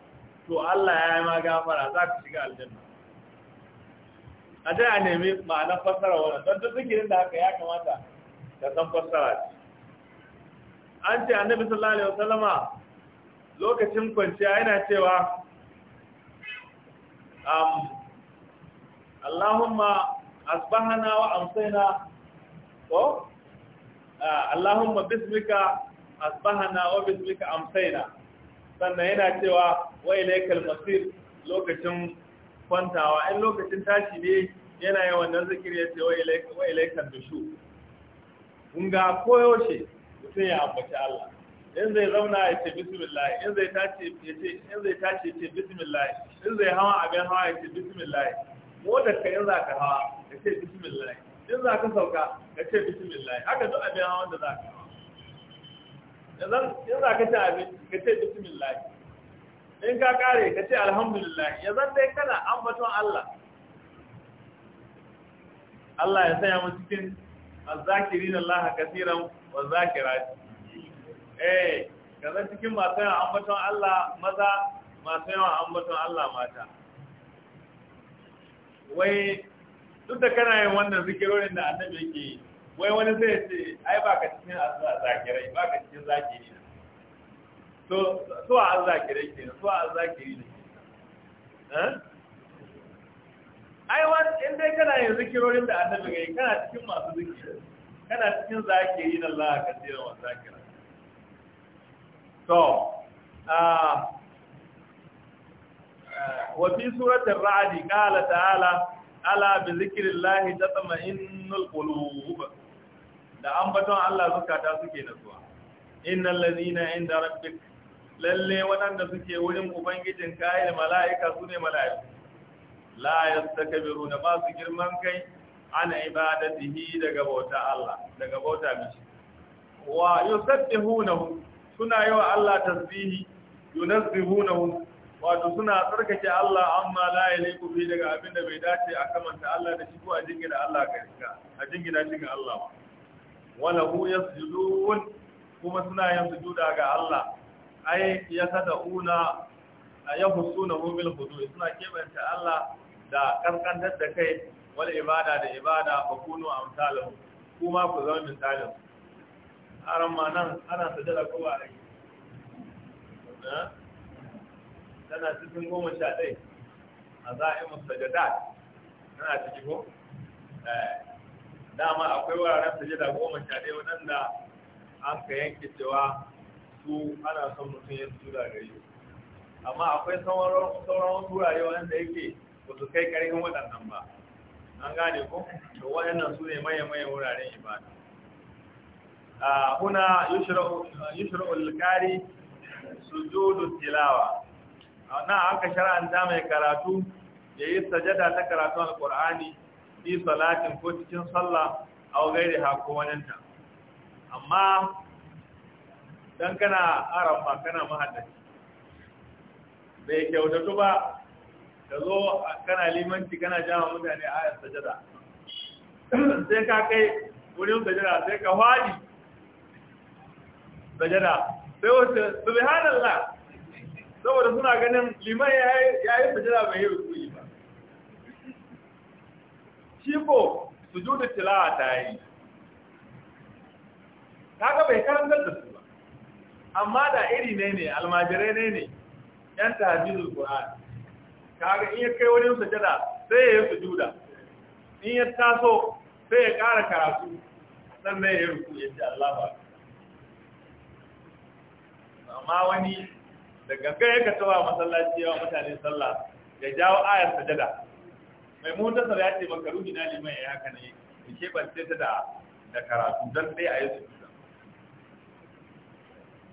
to Allah ya yi ma gafara za ka shiga aljanna a jira a nemi ma'anar fassara wannan don duk zikirin da haka ya kamata ka san fassara ce. an ce annabi sallallahu alaihi wasallama lokacin kwanciya yana cewa um, Allahumma asbahana wa amsayna ko Allahumma bismika asbahana wa bismika amsayna sannan yana cewa wa ilaikal masir lokacin kwantawa in lokacin tashi ne yana yi wannan zikir ya ce wa ilaikar da shu kun ga koyaushe mutum ya ambaci Allah in zai zauna ya ce bismillah in zai tashi ya ce in zai tashi ya ce bismillah in zai hawa abin hawa ya ce bismillah motar ka in za ka hawa ya ce bismillah in za ka sauka ya ce bismillah haka duk abin hawa da za ka hawa in za ka ci abinci ka ce bismillah in ka kare ka ce alhamdulillah ya zan dai kana ambaton Allah Allah ya sanya mu cikin azzakirin Allah kasiran wa zakirat eh kaza cikin masu yawan ambaton Allah maza masu yawan ambaton Allah mata wai duk da kana yin wannan zikirorin da annabi yake yi wai wani zai ce ai baka cikin azzakirai baka cikin zakirina so a zakirai ke so a zakiri ne eh? ai wani in dai kana yin zikirorin da annabi gai kana cikin masu zikiri kana cikin zakiri na Allah ka tsira wa zakira to a ta سورة الرعد قال تعالى ألا بذكر الله تطمئن القلوب da ambaton Allah zukata suke nasuwa innal ladina inda rabbik lalle waɗanda suke wurin ubangijin kayan mala'ika su ne mala'iku ta Kabiru na ba su girman kai ana ibadatihi daga bauta Allah daga bauta mishi wa hunahu suna wa Allah tasbihi hunahu wato suna tsarkake Allah amma la ku bi daga abin da bai dace a kamanta Allah da shi ko a jingina Allah ga a jingina shi ga wala hu kuma suna yin sujuda ga Allah ai ya kada una yahu suna bil hudu suna kebanta Allah da karkantar da kai wani ibada da ibada kuno a amsalahu kuma ku zama misalin A ma nan ana sajada ko ba ai eh? tana cikin goma sha ɗai a da sajadat tana ciki ko eh. dama akwai wuraren sajada goma sha ɗai waɗanda an ka yanke cewa su ana son mutum ya su da gari amma akwai sauran wurare wanda yake ba su kai ƙarfin waɗannan ba an gane ko to waɗannan su ne maye-maye wuraren ibada A huna yushra'u al-qari sujudu tilawa na aka shara'anta mai karatu yi sajada ta karatu Alƙur'ani fi salatin ko cikin sallah aw gairi ha waninta amma dan kana arafa kana mahaddaci bai kyautatu ba ka zo kana limanci kana jama mutane a ayar sajada sai ka kai wurin sajada sai ka hwadi sajada sai wata la saboda suna ganin liman ya yi sajada bai yi ba shi ko sujudu tilawa ta yi ga bai karantar da su amma da iri ne ne almajirai ne ne yan tahajjudul qur'an kaga in ya kai sujada sai ya yi sujuda in ya taso sai ya ƙara karatu sannan ya ruku ya ji Allah ba amma wani daga kai ka tawa masallaci ya mutane sallah ya jawo ayar sujada mai mutasar ya ce makaruhi na liman ya haka ne ke bance ta da karatu don sai a yi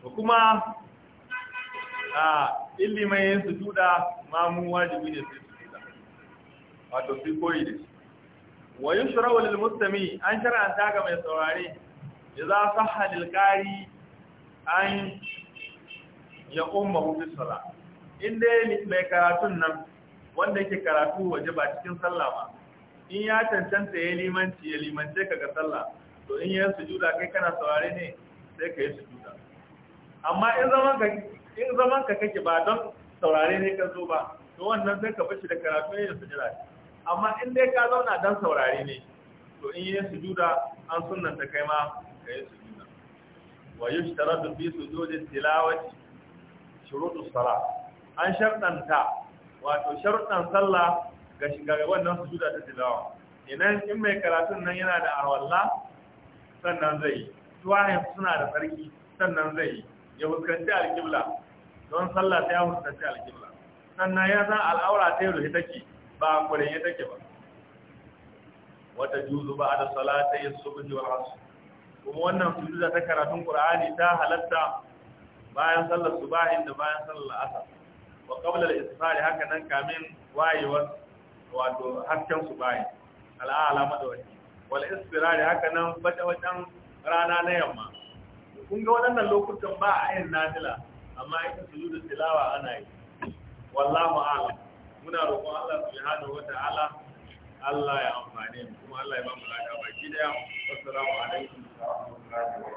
ba kuma a illimai yin sujuda mamu wajibi ne sai sujuda wato sai koyi da shi wa yushra'u lil mustami an shar'anta ga mai saurare ya za su qari an ya umma bis sala inda mai karatun nan wanda yake karatu waje ba cikin sallah ba in ya cancanta ya limanci ya limance ka ga sallah to in ya juda kai kana saurari ne sai ka yi su juda. amma in zaman ka in zaman ka kake ba don saurare ne ka zo ba to wannan zai ka bashi da karatu ne da sujada amma in dai ka zauna don saurare ne to in yi sujuda an sunnan ta kai ma ka yi sujuda wa yushtaratu bi sujudi tilawati shurutu sala an shartanta wato sharɗan sallah ga shiga wannan sujuda ta tilawa idan in mai karatun nan yana da arwalla sannan zai yi tuwahin suna da sarki sannan zai yi ya fuskanci alƙibla don sallah ta ya fuskanci alƙibla sannan ya san al'aura ta yi ke, ba kuren ya take ba wata juzu ba a da salata ya subhi wa asu kuma wannan su sujuda ta karatun qur'ani ta halatta bayan sallar su subahin da bayan sallar asar wa qabla al-isfari haka nan kamin wayewar wato hasken su subahin al'ala madawaki wal isfirari haka nan bace wajen rana na yamma kun ga waɗannan lokutan ba a yin nadila amma ita da tilawa ana yi wallahu a'lam muna roƙon Allah subhanahu wa ta'ala Allah ya amfane mu kuma Allah ya ba mu lafiya baki daya assalamu alaikum wa rahmatullahi wa barakatuh